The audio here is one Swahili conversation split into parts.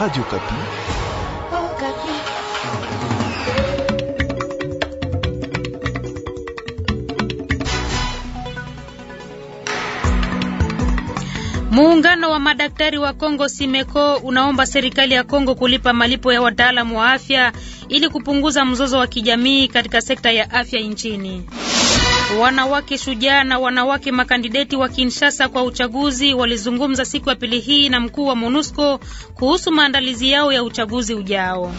Radio Kapi. Oh, Kapi. Muungano wa madaktari wa Kongo Simeko unaomba serikali ya Kongo kulipa malipo ya wataalamu wa afya ili kupunguza mzozo wa kijamii katika sekta ya afya nchini. Wanawake shujaa na wanawake makandideti wa Kinshasa kwa uchaguzi walizungumza siku ya pili hii na mkuu wa MONUSCO kuhusu maandalizi yao ya uchaguzi ujao.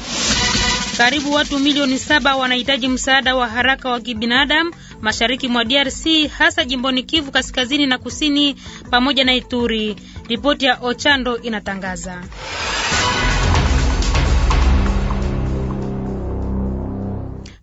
Karibu watu milioni saba wanahitaji msaada wa haraka wa kibinadamu mashariki mwa DRC hasa jimboni Kivu kaskazini na kusini pamoja na Ituri. Ripoti ya Ochando inatangaza.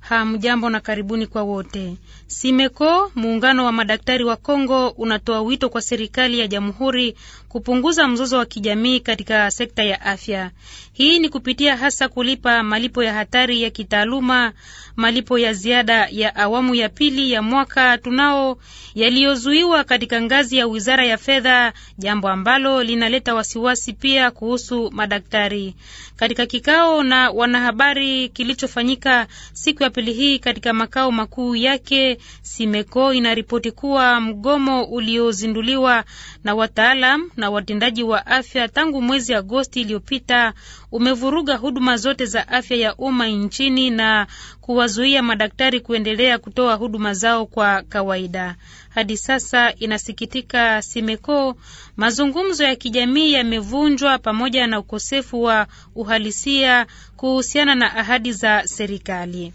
Hamjambo na karibuni kwa wote. Simeko, muungano wa madaktari wa Kongo, unatoa wito kwa serikali ya jamhuri kupunguza mzozo wa kijamii katika sekta ya afya. Hii ni kupitia hasa kulipa malipo ya hatari ya kitaaluma, malipo ya ziada ya awamu ya pili ya mwaka tunao yaliyozuiwa katika ngazi ya Wizara ya Fedha, jambo ambalo linaleta wasiwasi pia kuhusu madaktari. Katika kikao na wanahabari kilichofanyika siku ya pili hii katika makao makuu yake, Simeko inaripoti kuwa mgomo uliozinduliwa na wataalam na watendaji wa afya tangu mwezi Agosti iliyopita umevuruga huduma zote za afya ya umma nchini na kuwazuia madaktari kuendelea kutoa huduma zao kwa kawaida. Hadi sasa, inasikitika Simeko, mazungumzo ya kijamii yamevunjwa pamoja na ukosefu wa uhalisia kuhusiana na ahadi za serikali.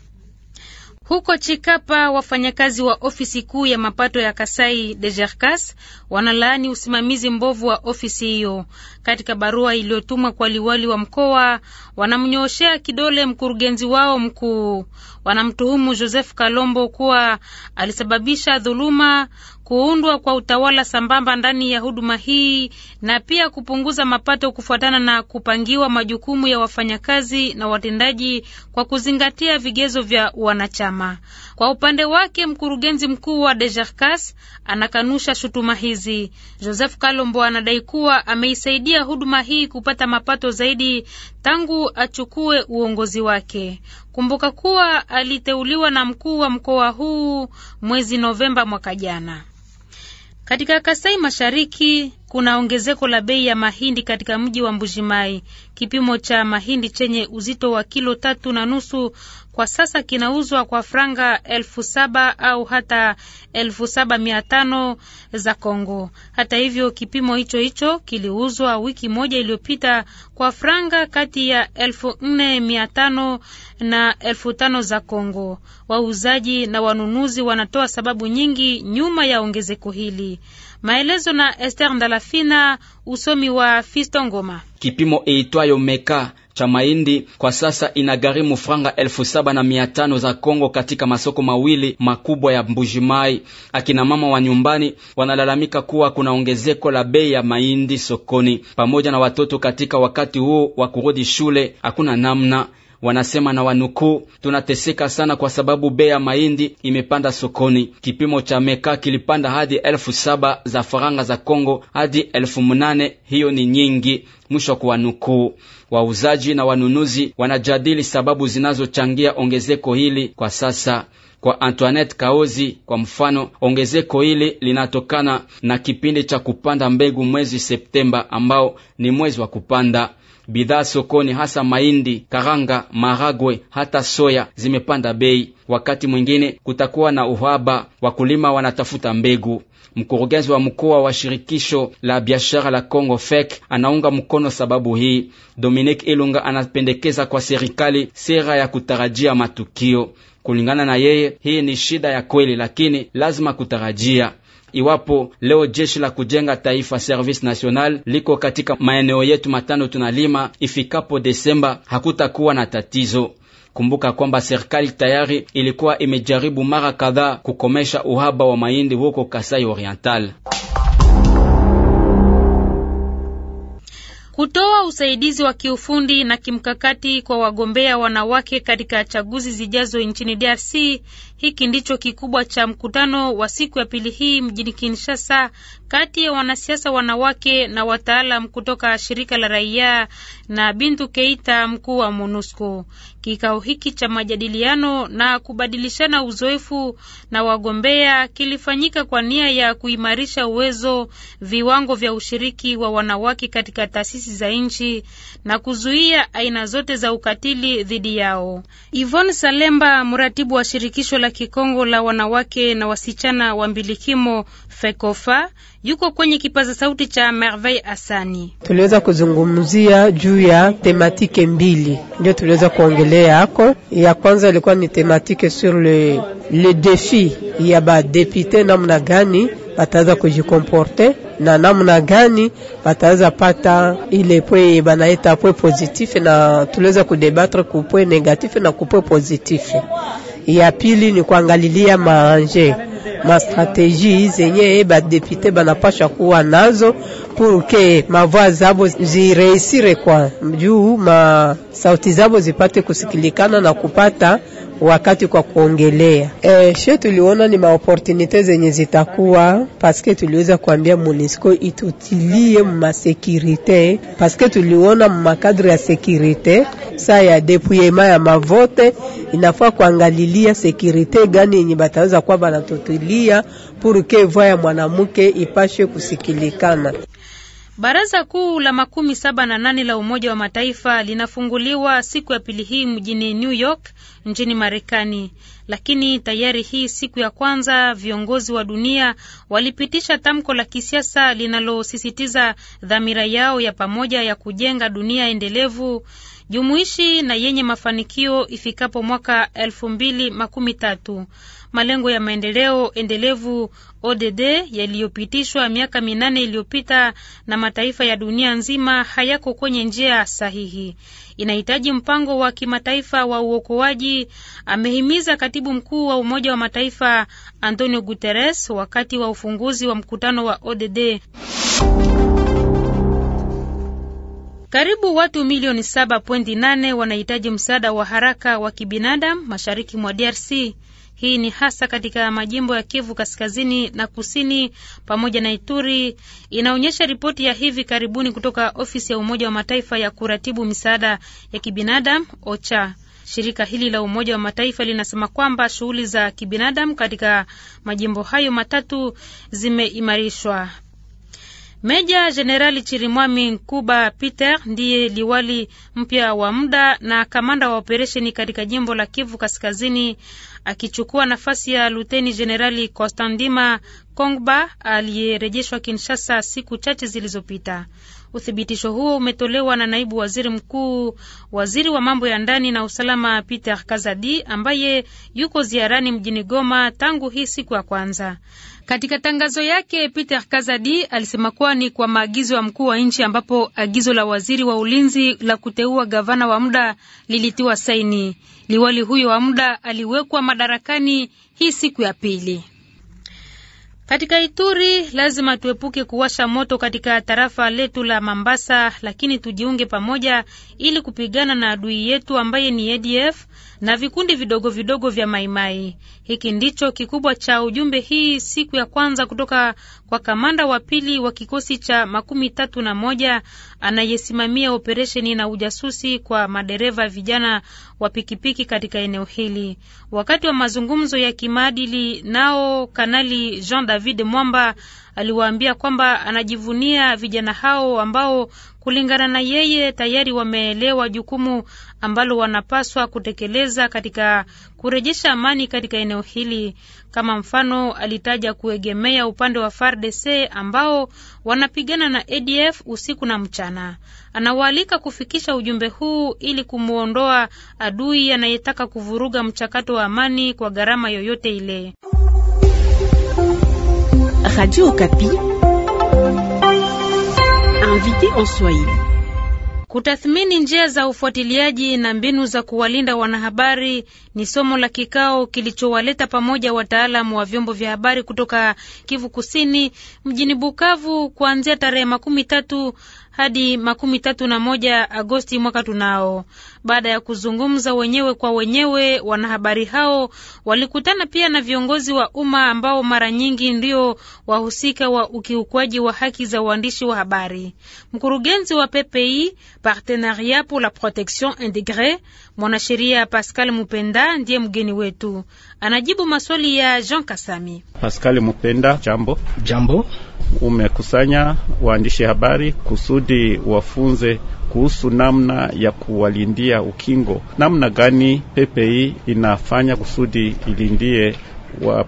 Huko Chikapa wafanyakazi wa ofisi kuu ya mapato ya Kasai Dejerkas wanalaani usimamizi mbovu wa ofisi hiyo. Katika barua iliyotumwa kwa liwali wa mkoa, wanamnyooshea kidole mkurugenzi wao mkuu. Wanamtuhumu Joseph Kalombo kuwa alisababisha dhuluma, kuundwa kwa utawala sambamba ndani ya huduma hii na pia kupunguza mapato kufuatana na kupangiwa majukumu ya wafanyakazi na watendaji kwa kuzingatia vigezo vya wanachama. Kwa upande wake, mkurugenzi mkuu wa Dejarkas anakanusha shutuma hizi. Joseph Kalombo anadai kuwa ameisaidia huduma hii kupata mapato zaidi tangu achukue uongozi wake. Kumbuka kuwa aliteuliwa na mkuu wa mkoa huu mwezi Novemba mwaka jana. Katika Kasai Mashariki kuna ongezeko la bei ya mahindi katika mji wa Mbujimai. Kipimo cha mahindi chenye uzito wa kilo tatu na nusu kwa sasa kinauzwa kwa franga elfu saba au hata elfu saba mia tano za Kongo. Hata hivyo, kipimo hicho hicho kiliuzwa wiki moja iliyopita kwa franga kati ya elfu nne mia tano na elfu tano za Kongo. Wauzaji na wanunuzi wanatoa sababu nyingi nyuma ya ongezeko hili. Maelezo na Esther Ndalafina, usomi wa Fisto Ngoma. Kipimo iitwayo meka cha mahindi kwa sasa inagharimu franga elfu saba na mia tano za Kongo katika masoko mawili makubwa ya Mbujimai. Akina mama wa nyumbani wanalalamika kuwa kuna ongezeko la bei ya mahindi sokoni pamoja na watoto katika wakati wakati huo wa kurudi shule hakuna namna wanasema na wanukuu, tunateseka sana kwa sababu bei ya mahindi imepanda sokoni. Kipimo cha meka kilipanda hadi elfu saba za faranga za Kongo hadi elfu mnane hiyo ni nyingi. Mwisho wa kuwanukuu. Wauzaji na wanunuzi wanajadili sababu zinazochangia ongezeko hili kwa sasa. Kwa Antoinette Kaozi kwa mfano, ongezeko hili linatokana na kipindi cha kupanda mbegu mwezi Septemba, ambao ni mwezi wa kupanda bidhaa sokoni, hasa mahindi, karanga, maragwe, hata soya zimepanda bei. Wakati mwingine kutakuwa na uhaba, wakulima wanatafuta mbegu. Mkurugenzi wa mkoa wa shirikisho la biashara la Congo FEC anaunga mkono sababu hii. Dominique Ilunga anapendekeza kwa serikali sera ya kutarajia matukio. Kulingana na yeye, hii ni shida ya kweli, lakini lazima kutarajia iwapo leo jeshi la kujenga taifa Service National liko katika maeneo yetu matano tunalima, ifikapo Desemba hakutakuwa na tatizo. Kumbuka kwamba serikali tayari ilikuwa imejaribu mara kadhaa kukomesha uhaba wa mahindi huko Kasai Oriental. kutoa usaidizi wa kiufundi na kimkakati kwa wagombea wanawake katika chaguzi zijazo nchini DRC hiki ndicho kikubwa cha mkutano wa siku ya pili hii mjini Kinshasa kati ya wanasiasa wanawake na wataalam kutoka shirika la raia na Bintu Keita, mkuu wa MONUSCO. Kikao hiki cha majadiliano na kubadilishana uzoefu na wagombea kilifanyika kwa nia ya kuimarisha uwezo, viwango vya ushiriki wa wanawake katika taasisi za nchi na kuzuia aina zote za ukatili dhidi yao. Yvonne Salemba, mratibu wa shirikisho la Kikongo la wanawake na wasichana wa mbilikimo FEKOFA yuko kwenye kipaza sauti cha Merveille Asani. Tuliweza kuzungumzia juu ya tematike mbili, ndio tuliweza kuongelea hako. Ya kwanza ilikuwa ni tematike sur le, le defi ya badepute, namna gani bataweza kujikomporte na namna gani bataweza pata ile pwe banaita pwe positif, na tuliweza kudebatre kupwe negatif na kupwe positif ya pili ni kuangalilia maanje mastrateji zenye badepute banapasha kuwa nazo purke mavwa zabo zireisire kwa juu, ma sauti zabo zipate kusikilikana na kupata wakati kwa kuongelea e, eh, she tuliona ni maoportunite zenye zitakuwa paske tuliweza kuambia MONUSCO itutilie mumasekirite paske tuliona mumakadre ya sekirite saa ya depuyema ya mavote inafaa kuangalilia sekirite gani yenye bataweza kuwa banatutilia purke voa ya mwanamke ipashe kusikilikana. Baraza kuu la makumi saba na nane la Umoja wa Mataifa linafunguliwa siku ya pili hii mjini New York nchini Marekani, lakini tayari hii siku ya kwanza viongozi wa dunia walipitisha tamko la kisiasa linalosisitiza dhamira yao ya pamoja ya kujenga dunia endelevu jumuishi na yenye mafanikio ifikapo mwaka tatu. Malengo ya maendeleo endelevu ODD yaliyopitishwa miaka minane iliyopita na mataifa ya dunia nzima hayako kwenye njia sahihi. Inahitaji mpango wa kimataifa wa uokoaji, amehimiza katibu mkuu wa Umoja wa Mataifa Antonio Guterres wakati wa ufunguzi wa mkutano wa ODD. Karibu watu milioni 7.8 wanahitaji msaada wa haraka wa kibinadamu mashariki mwa DRC. Hii ni hasa katika majimbo ya Kivu Kaskazini na Kusini pamoja na Ituri, inaonyesha ripoti ya hivi karibuni kutoka ofisi ya Umoja wa Mataifa ya kuratibu misaada ya kibinadamu OCHA. Shirika hili la Umoja wa Mataifa linasema kwamba shughuli za kibinadamu katika majimbo hayo matatu zimeimarishwa. Meja Jenerali Chirimwami Nkuba Peter ndiye liwali mpya wa muda na kamanda wa operesheni katika jimbo la Kivu Kaskazini, akichukua nafasi ya Luteni Jenerali Kostandima Kongba aliyerejeshwa Kinshasa siku chache zilizopita. Uthibitisho huo umetolewa na naibu waziri mkuu, waziri wa mambo ya ndani na usalama Peter Kazadi, ambaye yuko ziarani mjini Goma tangu hii siku ya kwanza. Katika tangazo yake Peter Kazadi alisema kuwa ni kwa maagizo ya mkuu wa nchi ambapo agizo la waziri wa ulinzi la kuteua gavana wa muda lilitiwa saini. Liwali huyo wa muda aliwekwa madarakani hii siku ya pili. Katika Ituri lazima tuepuke kuwasha moto katika tarafa letu la Mambasa, lakini tujiunge pamoja ili kupigana na adui yetu ambaye ni ADF na vikundi vidogo vidogo vya maimai. Hiki ndicho kikubwa cha ujumbe hii siku ya kwanza kutoka kwa kamanda wa pili wa kikosi cha makumi tatu na moja anayesimamia operesheni na ujasusi kwa madereva vijana wa pikipiki katika eneo hili. Wakati wa mazungumzo ya kimaadili nao, Kanali Jean David Mwamba aliwaambia kwamba anajivunia vijana hao ambao kulingana na yeye tayari wameelewa jukumu ambalo wanapaswa kutekeleza katika kurejesha amani katika eneo hili. Kama mfano, alitaja kuegemea upande wa FARDC ambao wanapigana na ADF usiku na mchana. Anawaalika kufikisha ujumbe huu ili kumwondoa adui anayetaka kuvuruga mchakato wa amani kwa gharama yoyote ile. Radio Okapi invité en Swahili. Kutathmini njia za ufuatiliaji na mbinu za kuwalinda wanahabari ni somo la kikao kilichowaleta pamoja wataalamu wa vyombo vya habari kutoka Kivu Kusini mjini Bukavu kuanzia tarehe makumi tatu hadi makumi tatu na moja Agosti mwaka tunao. Baada ya kuzungumza wenyewe kwa wenyewe, wanahabari hao walikutana pia na viongozi wa umma ambao mara nyingi ndio wahusika wa ukiukwaji wa haki za uandishi wa habari. Mkurugenzi wa PPI Partenariat pour la Protection Integre, mwanasheria Pascal Mupenda ndiye mgeni wetu, anajibu maswali ya Jean Kasami. Pascal Mupenda, jambo. Jambo umekusanya waandishi habari kusudi wafunze kuhusu namna ya kuwalindia ukingo, namna gani pepe inafanya kusudi ilindie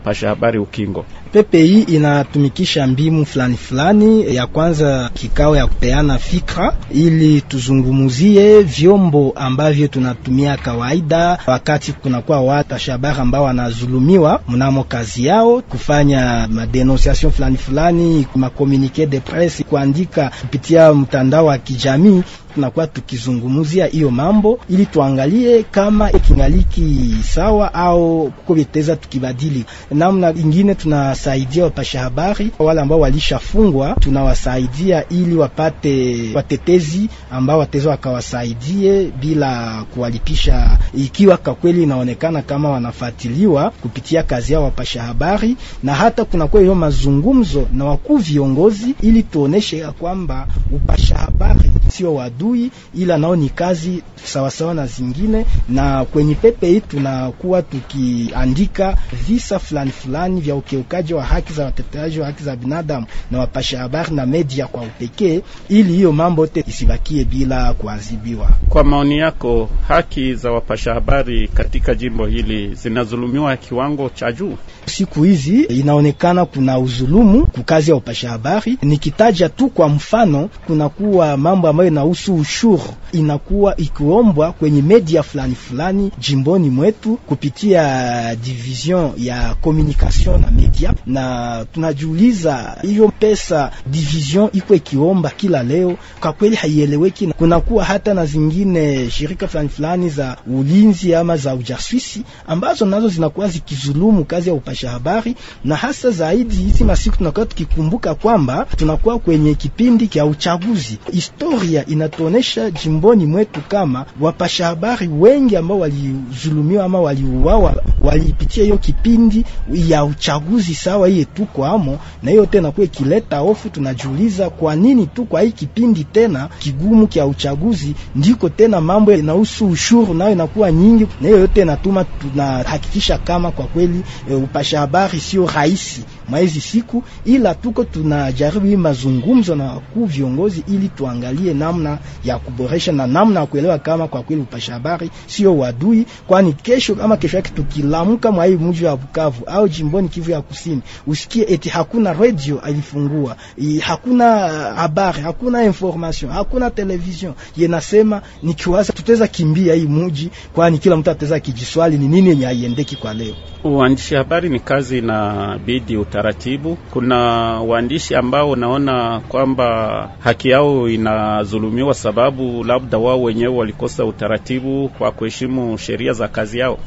pasha habari ukingo. PPI inatumikisha mbimu fulani fulani, ya kwanza kikao ya kupeana fikra, ili tuzungumuzie vyombo ambavyo tunatumia kawaida wakati kunakuwa wapasha habari ambao wanazulumiwa mnamo kazi yao, kufanya madenonsiation fulani fulani, makomunike de presse, kuandika kupitia mtandao wa kijamii tunakuwa tukizungumzia hiyo mambo, ili tuangalie kama ikingaliki sawa au kukovyeteza tukibadili namna ingine. Tunasaidia wapasha habari wale ambao walishafungwa, tunawasaidia ili wapate watetezi ambao wateza wakawasaidie bila kuwalipisha, ikiwa kwa kweli inaonekana kama wanafuatiliwa kupitia kazi yao wapasha habari, na hata kunakuwa hiyo mazungumzo na wakuu viongozi, ili tuoneshe ya kwamba upasha habari sio wadui, ila nao ni kazi sawasawa na zingine. Na kwenye pepe tunakuwa tukiandika visa fulani fulani vya ukiukaji wa haki za wateteaji wa haki za binadamu na wapasha habari na media kwa upekee, ili hiyo mambo yote isibakie bila kuadhibiwa. Kwa maoni yako, haki za wapasha habari katika jimbo hili zinazulumiwa kiwango cha juu? Siku hizi inaonekana kuna uzulumu kukazi ya upasha habari. Nikitaja tu kwa mfano, kunakuwa mambo ambayo inahusu ushuru, inakuwa ikiombwa kwenye media fulani fulani jimboni mwetu kupitia division ya communication na media, na tunajiuliza hiyo pesa division iko ikiomba kila leo, kwa kweli haieleweki. Kunakuwa hata na zingine shirika fulani fulani za ulinzi ama za ujasusi ambazo nazo zinakuwa zikizulumu kazi ya upasha cha habari, na hasa zaidi hizi masiku tunakuwa tukikumbuka kwamba tunakuwa kwenye kipindi cha uchaguzi. Historia inatuonesha jimboni mwetu kama wapasha habari wengi ambao walizulumiwa ama waliuawa walipitia hiyo kipindi ya uchaguzi sawa hiye tuko amo, na hiyo tena kwa ikileta hofu, tunajiuliza kwa nini tu kwa hii kipindi tena kigumu kya uchaguzi ndiko tena mambo yanahusu ushuru nayo inakuwa nyingi, na hiyo yote natuma tunahakikisha kama kwa kweli e, upasha habari sio rahisi maizi siku, ila tuko tunajaribu hii mazungumzo na ku viongozi ili tuangalie namna ya kuboresha na namna ya kuelewa kama kwa kweli upasha habari sio wadui, kwani kesho ama kesho yake tukilamka mwa hii mji wa Bukavu au jimboni Kivu ya Kusini, usikie eti hakuna radio alifungua, hakuna uh, habari, hakuna information, hakuna television yenasema, nikiwaza tutaweza kimbia hii mji, kwani kila mtu ataweza kijiswali ni nini yenye haiendeki kwa leo. Uandishi habari ni kazi na bidi utaratibu. Kuna waandishi ambao naona kwamba haki yao inazulumiwa, sababu labda wao wenyewe walikosa utaratibu kwa kuheshimu sheria za kazi yao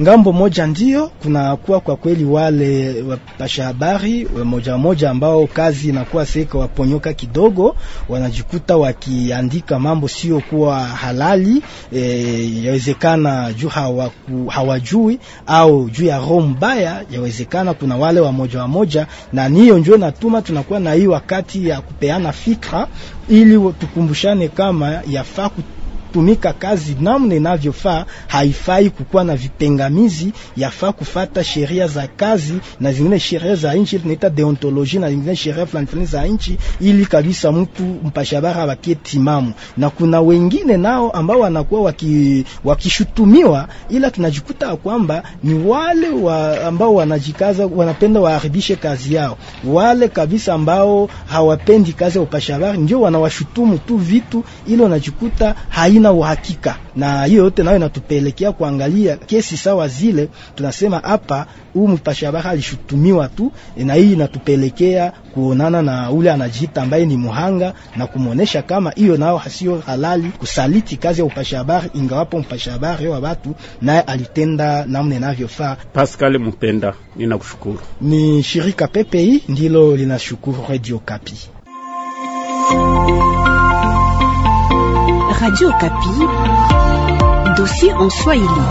ngambo moja ndio kunakuwa kwa kweli wale wapasha habari moja moja ambao kazi inakuwa seka waponyoka kidogo, wanajikuta wakiandika mambo sio kuwa halali e, yawezekana juu hawaku, hawajui au juu ya roho mbaya, yawezekana kuna wale wa moja wa moja, na niyo njoo natuma tunakuwa na hii wakati ya kupeana fikra ili tukumbushane kama yafaa kutumika kazi namna inavyofaa, haifai kukuwa na vipengamizi, yafaa kufata sheria za kazi na zingine sheria za nchi, tunaita deontology na zingine sheria fulani fulani za nchi, ili kabisa mtu mpashabara wakie timamu. Na kuna wengine nao ambao wanakuwa waki, wakishutumiwa, ila tunajikuta kwamba ni wale wa ambao wanajikaza wanapenda waharibishe kazi yao, wale kabisa ambao hawapendi kazi ya upashabara ndio wanawashutumu tu vitu, ili wanajikuta haina hatuna uhakika, na hiyo yote nayo inatupelekea kuangalia kesi sawa zile. Tunasema hapa huyu mpasha habari alishutumiwa tu, na hii inatupelekea kuonana na ule anajiita ambaye ni muhanga na kumwonesha kama hiyo nao hasio halali kusaliti kazi ya upasha habari, ingawapo mpasha habari wa watu naye alitenda namna inavyofaa. Pascal Mpenda, ninakushukuru. Ni shirika pepei ndilo linashukuru Radio Kapi. Radio Kapi, dossier en Swahili.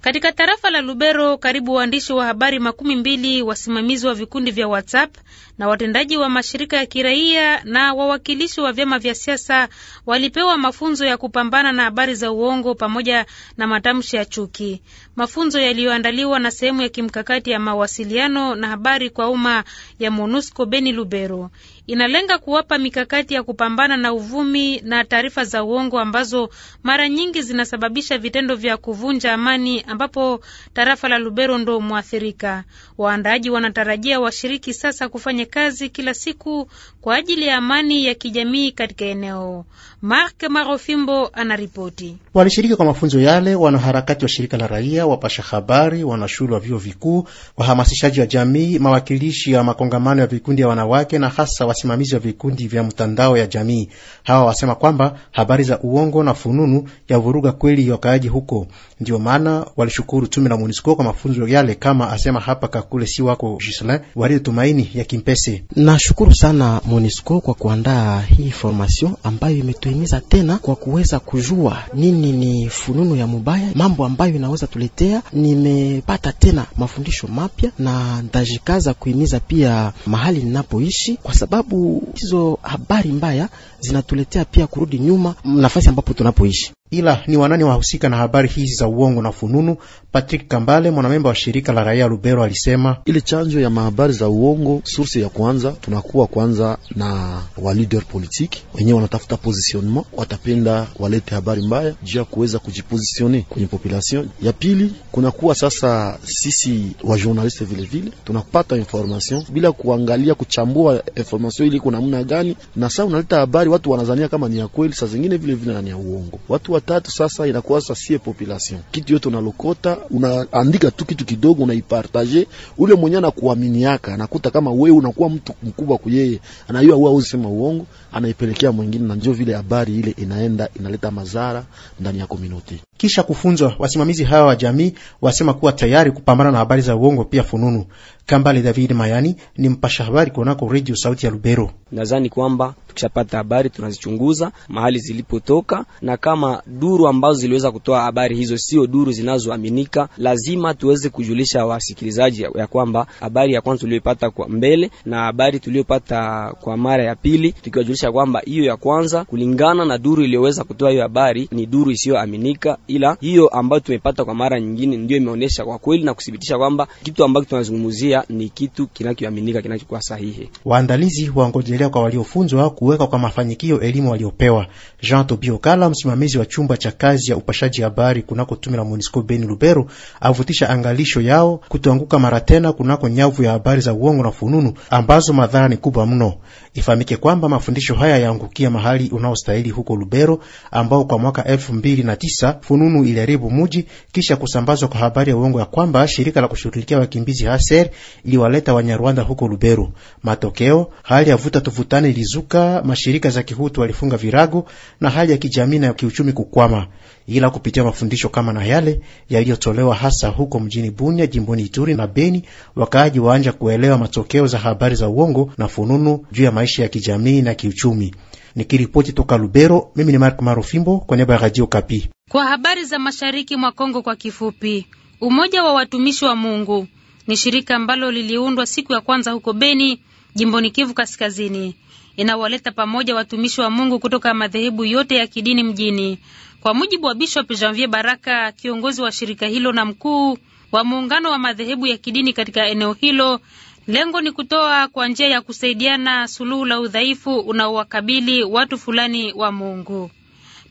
Katika tarafa la Lubero, karibu waandishi wa habari makumi mbili, wasimamizi wa vikundi vya WhatsApp na watendaji wa mashirika ya kiraia na wawakilishi wa vyama vya siasa walipewa mafunzo ya kupambana na habari za uongo pamoja na matamshi ya chuki. Mafunzo yaliyoandaliwa na sehemu ya kimkakati ya mawasiliano na habari kwa umma ya MONUSCO Beni Lubero inalenga kuwapa mikakati ya kupambana na uvumi na taarifa za uongo ambazo mara nyingi zinasababisha vitendo vya kuvunja amani, ambapo tarafa la Lubero ndo mwathirika. Waandaaji wanatarajia washiriki sasa kufanya kazi kila siku kwa ajili ya amani ya kijamii katika eneo. Mark Marofimbo anaripoti. Walishiriki kwa mafunzo yale wanaharakati wa shirika la raia, wapasha habari, wanashule wa vyuo vikuu, wahamasishaji wa jamii, mawakilishi ya makongamano ya vikundi ya wanawake na hasa wasimamizi wa vikundi vya mtandao ya jamii. Hawa wasema kwamba habari za uongo na fununu ya vuruga kweli wakaaji huko, ndio maana walishukuru tume la MONUSCO kwa mafunzo yale, kama asema hapa Kakule si wako Giselin walio tumaini ya Kimpese. Nashukuru sana MONUSCO kwa kuandaa hii formation ambayo imetuhimiza tena kwa kuweza kujua nini lakini ni fununu ya mubaya, mambo ambayo inaweza tuletea. Nimepata tena mafundisho mapya na ndajikaza kuimiza pia mahali ninapoishi, kwa sababu hizo habari mbaya zinatuletea pia kurudi nyuma nafasi ambapo tunapoishi. Ila ni wanani wahusika na habari hizi za uongo na fununu? Patrick Kambale, mwanamemba wa shirika la raia Lubero, alisema ile chanjo ya mahabari za uongo, source ya kwanza tunakuwa kwanza na wa leader politiki wenyewe wanatafuta positionnement, watapenda walete habari mbaya juu ya kuweza kujipositione kwenye population. Ya pili kunakuwa sasa sisi wa journaliste vile vile tunapata information bila kuangalia kuchambua information ili kuna namna gani, na sasa unaleta habari watu wanazania kama ni ya kweli, saa zingine vile vile na ni ya uongo watu wa tatu, sasa inakuwa sasie population. Kitu yote unalokota unaandika tu kitu kidogo, unaipartage ule mwenye anakuaminiaka, anakuta kama wewe unakuwa mtu mkubwa kuyeye, anayua wewe usema uongo, anaipelekea mwingine, na ndio vile habari ile inaenda inaleta madhara ndani ya community. Kisha kufunzwa, wasimamizi hawa wa jamii wasema kuwa tayari kupambana na habari za uongo pia fununu Kambale David Mayani ni mpasha habari kunako Radio Sauti ya Lubero. Nadhani kwamba tukishapata habari tunazichunguza mahali zilipotoka, na kama duru ambazo ziliweza kutoa habari hizo sio duru zinazoaminika, lazima tuweze kujulisha wasikilizaji ya kwamba habari ya kwanza tuliyopata kwa mbele na habari tuliyopata kwa mara ya pili, tukiwajulisha kwamba hiyo ya kwanza kulingana na duru iliyoweza kutoa hiyo habari ni duru isiyoaminika, ila hiyo ambayo tumepata kwa mara nyingine ndio imeonyesha kwa kweli na kuthibitisha kwamba kitu ambacho tunazungumzia sheria ni kitu kinachoaminika kinachokuwa sahihi. Waandalizi wangojelea kwa waliofunzwa kuweka kwa mafanikio elimu waliopewa. Jean Tobio Kala, msimamizi wa chumba cha kazi ya upashaji habari kunako tume la Monisco Beni Lubero, avutisha angalisho yao kutoanguka mara tena kunako nyavu ya habari za uongo na fununu ambazo madhara ni kubwa mno. Ifahamike kwamba mafundisho haya yaangukia mahali unaostahili huko Lubero, ambao kwa mwaka elfu mbili na tisa fununu iliharibu muji kisha kusambazwa kwa habari ya uongo ya kwamba shirika la kushughulikia wakimbizi Haser iliwaleta Wanyarwanda huko Lubero. Matokeo, hali ya vuta tuvutane ilizuka, mashirika za kihutu walifunga virago na hali ya kijamii na kiuchumi kukwama. Ila kupitia mafundisho kama na yale yaliyotolewa hasa huko mjini Bunia, jimboni Ituri na Beni, wakaaji waanja kuelewa matokeo za habari za uongo na fununu juu ya maisha ya kijamii na kiuchumi. Nikiripoti toka Lubero, mimi ni Mark Marofimbo kwa niaba ya Radio Kapi. Kwa habari za mashariki mwa Kongo kwa kifupi, umoja wa watumishi wa Mungu ni shirika ambalo liliundwa siku ya kwanza huko Beni, jimboni Kivu Kaskazini. Inawaleta pamoja watumishi wa Mungu kutoka madhehebu yote ya kidini mjini. Kwa mujibu wa Bishop Janvier Baraka, kiongozi wa shirika hilo na mkuu wa muungano wa madhehebu ya kidini katika eneo hilo, lengo ni kutoa kwa njia ya kusaidiana suluhu la udhaifu unaowakabili watu fulani wa Mungu.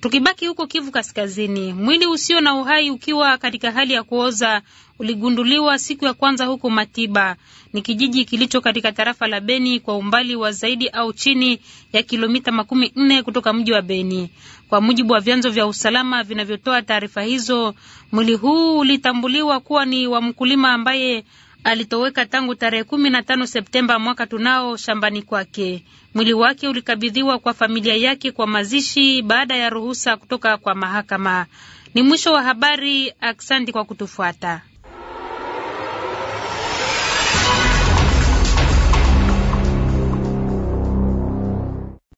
Tukibaki huko Kivu Kaskazini, mwili usio na uhai ukiwa katika hali ya kuoza uligunduliwa siku ya kwanza huko Matiba. Ni kijiji kilicho katika tarafa la Beni kwa umbali wa zaidi au chini ya kilomita makumi nne kutoka mji wa Beni. Kwa mujibu wa vyanzo vya usalama vinavyotoa taarifa hizo, mwili huu ulitambuliwa kuwa ni wa mkulima ambaye alitoweka tangu tarehe kumi na tano Septemba mwaka tunao shambani kwake. Mwili wake ulikabidhiwa kwa familia yake kwa mazishi baada ya ruhusa kutoka kwa mahakama. Ni mwisho wa habari. aksandi kwa kutufuata.